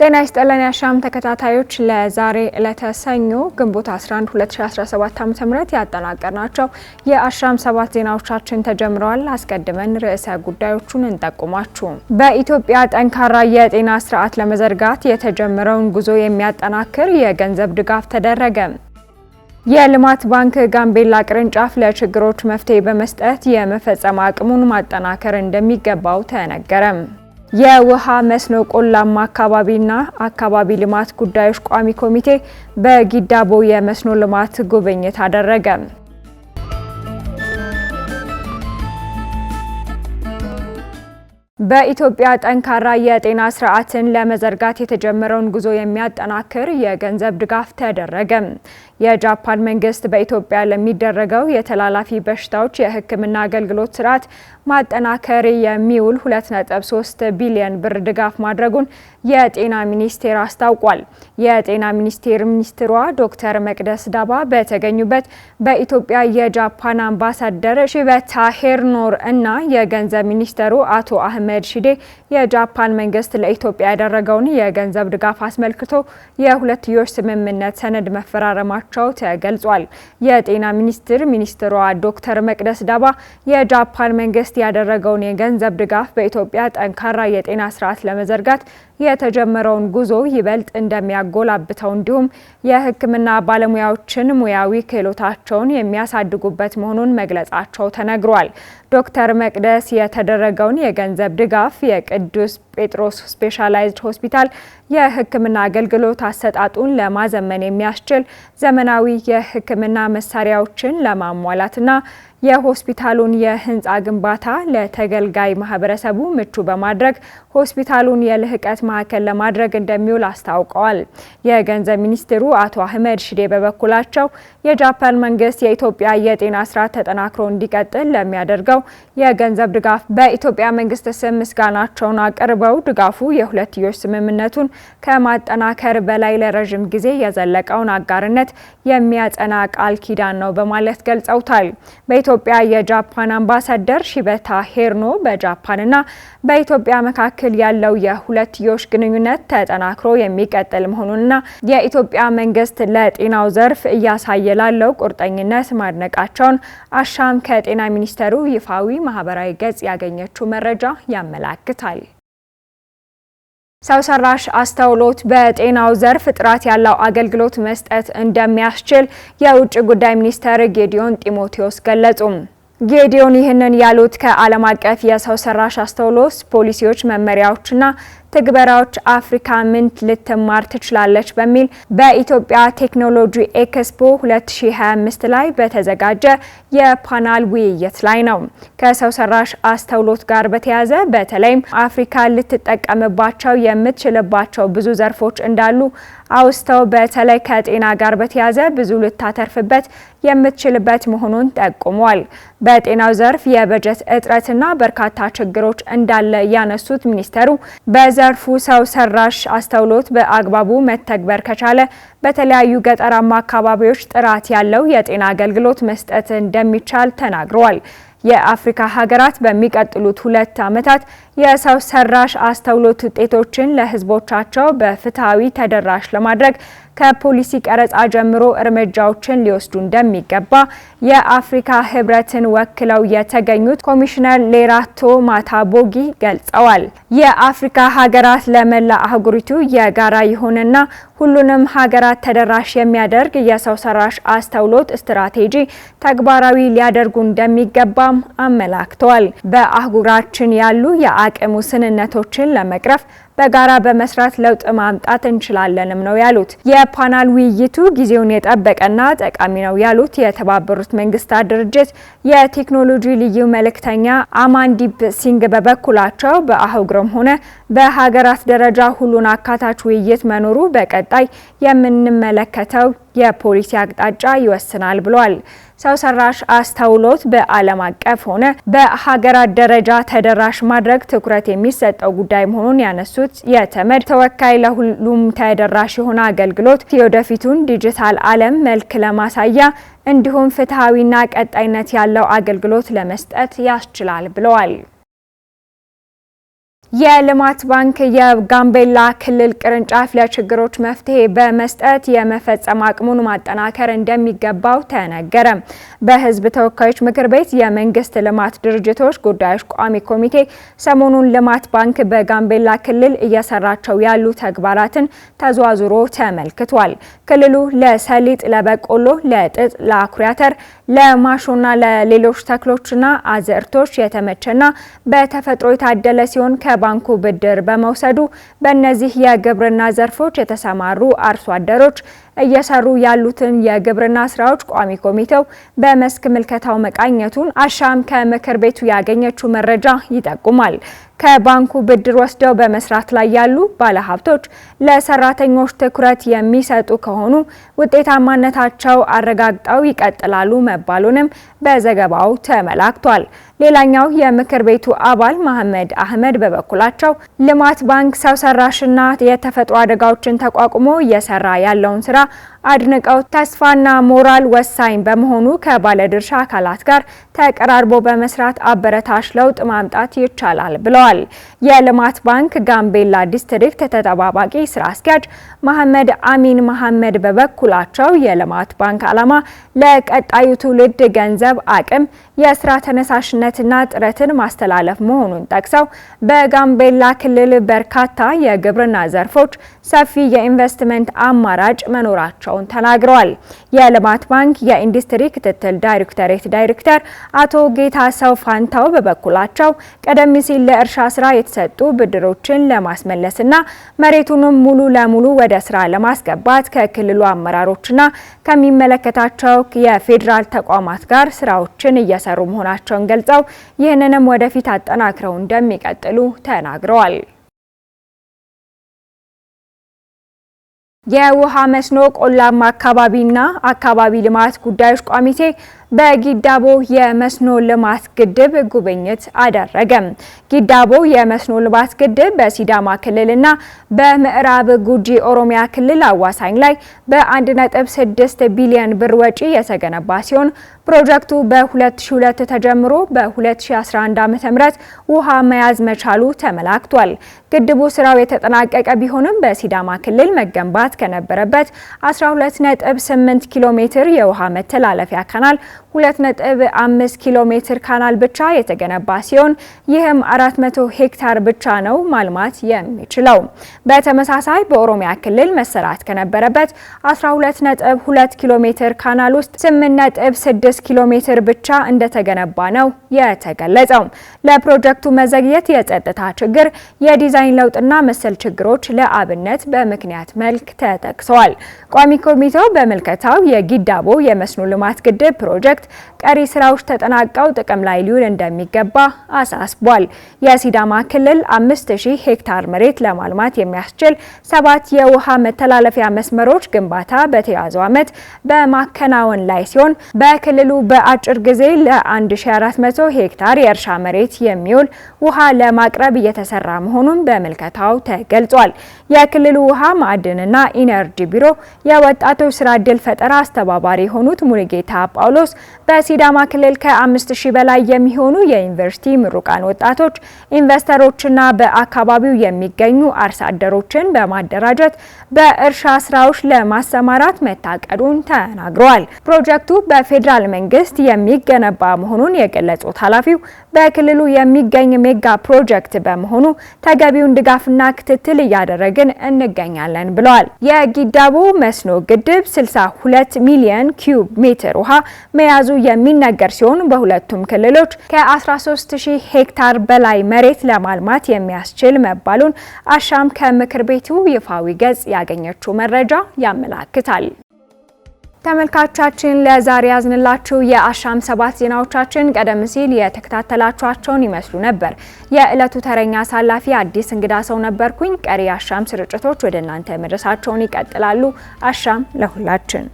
ጤና ይስጥልን የአሻም ተከታታዮች፣ ለዛሬ ለተሰኙ ግንቦት 11 2017 ዓ ም ያጠናቀርናቸው የአሻም ሰባት ዜናዎቻችን ተጀምረዋል። አስቀድመን ርዕሰ ጉዳዮቹን እንጠቁማችሁ። በኢትዮጵያ ጠንካራ የጤና ስርዓት ለመዘርጋት የተጀመረውን ጉዞ የሚያጠናክር የገንዘብ ድጋፍ ተደረገ። የልማት ባንክ ጋምቤላ ቅርንጫፍ ለችግሮች መፍትሄ በመስጠት የመፈጸም አቅሙን ማጠናከር እንደሚገባው ተነገረም። የውሃ መስኖ ቆላማ አካባቢና አካባቢ ልማት ጉዳዮች ቋሚ ኮሚቴ በጊዳቦ የመስኖ ልማት ጉብኝት አደረገ። በኢትዮጵያ ጠንካራ የጤና ስርዓትን ለመዘርጋት የተጀመረውን ጉዞ የሚያጠናክር የገንዘብ ድጋፍ ተደረገ። የጃፓን መንግስት በኢትዮጵያ ለሚደረገው የተላላፊ በሽታዎች የሕክምና አገልግሎት ስርዓት ማጠናከር የሚውል 2.3 ቢሊዮን ብር ድጋፍ ማድረጉን የጤና ሚኒስቴር አስታውቋል። የጤና ሚኒስቴር ሚኒስትሯ ዶክተር መቅደስ ዳባ በተገኙበት በኢትዮጵያ የጃፓን አምባሳደር ሺበታ ሄርኖር እና የገንዘብ ሚኒስተሩ አቶ አህመድ ሺዴ የጃፓን መንግስት ለኢትዮጵያ ያደረገውን የገንዘብ ድጋፍ አስመልክቶ የሁለትዮሽ ስምምነት ሰነድ መፈራረማቸው መሆናቸው ተገልጿል። የጤና ሚኒስቴር ሚኒስትሯ ዶክተር መቅደስ ዳባ የጃፓን መንግስት ያደረገውን የገንዘብ ድጋፍ በኢትዮጵያ ጠንካራ የጤና ስርዓት ለመዘርጋት የተጀመረውን ጉዞ ይበልጥ እንደሚያጎላብተው እንዲሁም የሕክምና ባለሙያዎችን ሙያዊ ክህሎታቸውን የሚያሳድጉበት መሆኑን መግለጻቸው ተነግሯል። ዶክተር መቅደስ የተደረገውን የገንዘብ ድጋፍ የቅዱስ ጴጥሮስ ስፔሻላይዝድ ሆስፒታል የሕክምና አገልግሎት አሰጣጡን ለማዘመን የሚያስችል ዘመናዊ የሕክምና መሳሪያዎችን ለማሟላትና የሆስፒታሉን የህንፃ ግንባታ ለተገልጋይ ማህበረሰቡ ምቹ በማድረግ ሆስፒታሉን የልህቀት ማዕከል ለማድረግ እንደሚውል አስታውቀዋል። የገንዘብ ሚኒስትሩ አቶ አህመድ ሽዴ በበኩላቸው የጃፓን መንግስት የኢትዮጵያ የጤና ስርዓት ተጠናክሮ እንዲቀጥል ለሚያደርገው የገንዘብ ድጋፍ በኢትዮጵያ መንግስት ስም ምስጋናቸውን አቅርበው ድጋፉ የሁለትዮሽ ስምምነቱን ከማጠናከር በላይ ለረዥም ጊዜ የዘለቀውን አጋርነት የሚያጸና ቃል ኪዳን ነው በማለት ገልጸውታል። በኢትዮጵያ የጃፓን አምባሳደር ሺበታ ሄርኖ በጃፓንና በኢትዮጵያ መካከል ያለው የሁለትዮሽ ግንኙነት ተጠናክሮ የሚቀጥል መሆኑንና የኢትዮጵያ መንግስት ለጤናው ዘርፍ እያሳየ ላለው ቁርጠኝነት ማድነቃቸውን አሻም ከጤና ሚኒስቴሩ ይፋዊ ማህበራዊ ገጽ ያገኘችው መረጃ ያመላክታል። ሰው ሰራሽ አስተውሎት በጤናው ዘርፍ ጥራት ያለው አገልግሎት መስጠት እንደሚያስችል የውጭ ጉዳይ ሚኒስትር ጌዲዮን ጢሞቴዎስ ገለጹ። ጌዲዮን ይህንን ያሉት ከዓለም አቀፍ የሰው ሰራሽ አስተውሎት ፖሊሲዎች መመሪያዎችና ትግበራዎች አፍሪካ ምን ልትማር ትችላለች በሚል በኢትዮጵያ ቴክኖሎጂ ኤክስፖ 2025 ላይ በተዘጋጀ የፓናል ውይይት ላይ ነው። ከሰው ሰራሽ አስተውሎት ጋር በተያያዘ በተለይም አፍሪካ ልትጠቀምባቸው የምትችልባቸው ብዙ ዘርፎች እንዳሉ አውስተው በተለይ ከጤና ጋር በተያያዘ ብዙ ልታተርፍበት የምትችልበት መሆኑን ጠቁሟል። በጤናው ዘርፍ የበጀት እጥረትና በርካታ ችግሮች እንዳለ ያነሱት ሚኒስተሩ በዘ የሚያደርፉ ሰው ሰራሽ አስተውሎት በአግባቡ መተግበር ከቻለ በተለያዩ ገጠራማ አካባቢዎች ጥራት ያለው የጤና አገልግሎት መስጠት እንደሚቻል ተናግረዋል። የአፍሪካ ሀገራት በሚቀጥሉት ሁለት ዓመታት የሰው ሰራሽ አስተውሎት ውጤቶችን ለሕዝቦቻቸው በፍትሐዊ ተደራሽ ለማድረግ ከፖሊሲ ቀረጻ ጀምሮ እርምጃዎችን ሊወስዱ እንደሚገባ የአፍሪካ ህብረትን ወክለው የተገኙት ኮሚሽነር ሌራቶ ማታቦጊ ገልጸዋል። የአፍሪካ ሀገራት ለመላ አህጉሪቱ የጋራ የሆነና ሁሉንም ሀገራት ተደራሽ የሚያደርግ የሰው ሰራሽ አስተውሎት ስትራቴጂ ተግባራዊ ሊያደርጉ እንደሚገባም አመላክተዋል። በአህጉራችን ያሉ የአቅም ውስንነቶችን ለመቅረፍ በጋራ በመስራት ለውጥ ማምጣት እንችላለንም ነው ያሉት። የፓናል ውይይቱ ጊዜውን የጠበቀና ጠቃሚ ነው ያሉት የተባበሩት መንግስታት ድርጅት የቴክኖሎጂ ልዩ መልእክተኛ አማንዲፕ ሲንግ በበኩላቸው በአህጉርም ሆነ በሀገራት ደረጃ ሁሉን አካታች ውይይት መኖሩ በቀጣይ የምንመለከተው የፖሊሲ አቅጣጫ ይወስናል ብሏል። ሰው ሰራሽ አስተውሎት በዓለም አቀፍ ሆነ በሀገራት ደረጃ ተደራሽ ማድረግ ትኩረት የሚሰጠው ጉዳይ መሆኑን ያነሱት የተመድ ተወካይ ለሁሉም ተደራሽ የሆነ አገልግሎት የወደፊቱን ዲጂታል ዓለም መልክ ለማሳያ እንዲሁም ፍትሐዊና ቀጣይነት ያለው አገልግሎት ለመስጠት ያስችላል ብለዋል። የልማት ባንክ የጋምቤላ ክልል ቅርንጫፍ ለችግሮች መፍትሄ በመስጠት የመፈጸም አቅሙን ማጠናከር እንደሚገባው ተነገረ። በሕዝብ ተወካዮች ምክር ቤት የመንግስት ልማት ድርጅቶች ጉዳዮች ቋሚ ኮሚቴ ሰሞኑን ልማት ባንክ በጋምቤላ ክልል እየሰራቸው ያሉ ተግባራትን ተዟዙሮ ተመልክቷል። ክልሉ ለሰሊጥ፣ ለበቆሎ፣ ለጥጥ፣ ለአኩሪ አተር፣ ለማሾና ለሌሎች ተክሎችና አዝርቶች የተመቸና በተፈጥሮ የታደለ ሲሆን ከ ባንኩ ብድር በመውሰዱ በእነዚህ የግብርና ዘርፎች የተሰማሩ አርሶ አደሮች እየሰሩ ያሉትን የግብርና ስራዎች ቋሚ ኮሚቴው በመስክ ምልከታው መቃኘቱን አሻም ከምክር ቤቱ ያገኘችው መረጃ ይጠቁማል። ከባንኩ ብድር ወስደው በመስራት ላይ ያሉ ባለሀብቶች ለሰራተኞች ትኩረት የሚሰጡ ከሆኑ ውጤታማነታቸው አረጋግጠው ይቀጥላሉ መባሉንም በዘገባው ተመላክቷል። ሌላኛው የምክር ቤቱ አባል መሐመድ አህመድ በበኩላቸው ልማት ባንክ ሰው ሰራሽና የተፈጥሮ አደጋዎችን ተቋቁሞ እየሰራ ያለውን ስራ አድንቀው ተስፋና ሞራል ወሳኝ በመሆኑ ከባለድርሻ አካላት ጋር ተቀራርቦ በመስራት አበረታሽ ለውጥ ማምጣት ይቻላል ብለዋል። የልማት ባንክ ጋምቤላ ዲስትሪክት ተጠባባቂ ስራ አስኪያጅ መሐመድ አሚን መሐመድ በበኩላቸው የልማት ባንክ ዓላማ ለቀጣዩ ትውልድ ገንዘብ አቅም፣ የስራ ተነሳሽነትና ጥረትን ማስተላለፍ መሆኑን ጠቅሰው በጋምቤላ ክልል በርካታ የግብርና ዘርፎች ሰፊ የኢንቨስትመንት አማራጭ መኖራቸው መሆናቸውን ተናግረዋል። የልማት ባንክ የኢንዱስትሪ ክትትል ዳይሬክተሬት ዳይሬክተር አቶ ጌታሰው ፋንታው በበኩላቸው ቀደም ሲል ለእርሻ ስራ የተሰጡ ብድሮችን ለማስመለስና መሬቱንም ሙሉ ለሙሉ ወደ ስራ ለማስገባት ከክልሉ አመራሮችና ከሚመለከታቸው የፌዴራል ተቋማት ጋር ስራዎችን እየሰሩ መሆናቸውን ገልጸው ይህንንም ወደፊት አጠናክረው እንደሚቀጥሉ ተናግረዋል። የውሃ መስኖ ቆላማ አካባቢና አካባቢ ልማት ጉዳዮች ቋሚቴ በጊዳቦ የመስኖ ልማት ግድብ ጉብኝት አደረገም። ጊዳቦ የመስኖ ልማት ግድብ በሲዳማ ክልልና በምዕራብ ጉጂ ኦሮሚያ ክልል አዋሳኝ ላይ በ1.6 ቢሊዮን ብር ወጪ የተገነባ ሲሆን ፕሮጀክቱ በ2002 ተጀምሮ በ2011 ዓ.ም ውሃ መያዝ መቻሉ ተመላክቷል። ግድቡ ስራው የተጠናቀቀ ቢሆንም በሲዳማ ክልል መገንባት ከነበረበት 12.8 ኪሎ ሜትር የውሃ መተላለፊያ ካናል 2.5 ኪሎ ሜትር ካናል ብቻ የተገነባ ሲሆን ይህም 400 ሄክታር ብቻ ነው ማልማት የሚችለው። በተመሳሳይ በኦሮሚያ ክልል መሰራት ከነበረበት 12.2 ኪሎ ሜትር ካናል ውስጥ 8.6 ኪሎ ሜትር ብቻ እንደተገነባ ነው የተገለጸው። ለፕሮጀክቱ መዘግየት የጸጥታ ችግር፣ የዲዛይን ለውጥና መሰል ችግሮች ለአብነት በምክንያት መልክ ተጠቅሰዋል። ቋሚ ኮሚቴው በምልከታው የጊዳቦ የመስኖ ልማት ግድብ ፕሮጀክት ቀሪ ስራዎች ተጠናቀው ጥቅም ላይ ሊውል እንደሚገባ አሳስቧል። የሲዳማ ክልል 5000 ሄክታር መሬት ለማልማት የሚያስችል ሰባት የውሃ መተላለፊያ መስመሮች ግንባታ በተያዘው ዓመት በማከናወን ላይ ሲሆን በክልሉ በአጭር ጊዜ ለ1400 ሄክታር የእርሻ መሬት የሚውል ውሃ ለማቅረብ እየተሰራ መሆኑን በምልከታው ተገልጿል። የክልሉ ውሃ ማዕድንና ኢነርጂ ቢሮ የወጣቶች ስራ ዕድል ፈጠራ አስተባባሪ የሆኑት ሙሉጌታ ጳውሎስ በሲዳማ ክልል ከ5000 በላይ የሚሆኑ የዩኒቨርሲቲ ምሩቃን ወጣቶች ኢንቨስተሮችና በአካባቢው የሚገኙ አርሶ አደሮችን በማደራጀት በእርሻ ስራዎች ለማሰማራት መታቀዱን ተናግረዋል። ፕሮጀክቱ በፌዴራል መንግስት የሚገነባ መሆኑን የገለጹት ኃላፊው በክልሉ የሚገኝ ሜጋ ፕሮጀክት በመሆኑ ተገቢውን ድጋፍና ክትትል እያደረግን እንገኛለን ብለዋል። የጊዳቦ መስኖ ግድብ 62 ሚሊዮን ኪዩብ ሜትር ውሃ መያ መያዙ የሚነገር ሲሆን በሁለቱም ክልሎች ከ13000 ሄክታር በላይ መሬት ለማልማት የሚያስችል መባሉን አሻም ከምክር ቤቱ ይፋዊ ገጽ ያገኘችው መረጃ ያመላክታል። ተመልካቻችን ለዛሬ ያዝንላችሁ የአሻም ሰባት ዜናዎቻችን ቀደም ሲል የተከታተላችኋቸውን ይመስሉ ነበር። የዕለቱ ተረኛ አሳላፊ አዲስ እንግዳ ሰው ነበርኩኝ። ቀሪ የአሻም ስርጭቶች ወደ እናንተ መድረሳቸውን ይቀጥላሉ። አሻም ለሁላችን!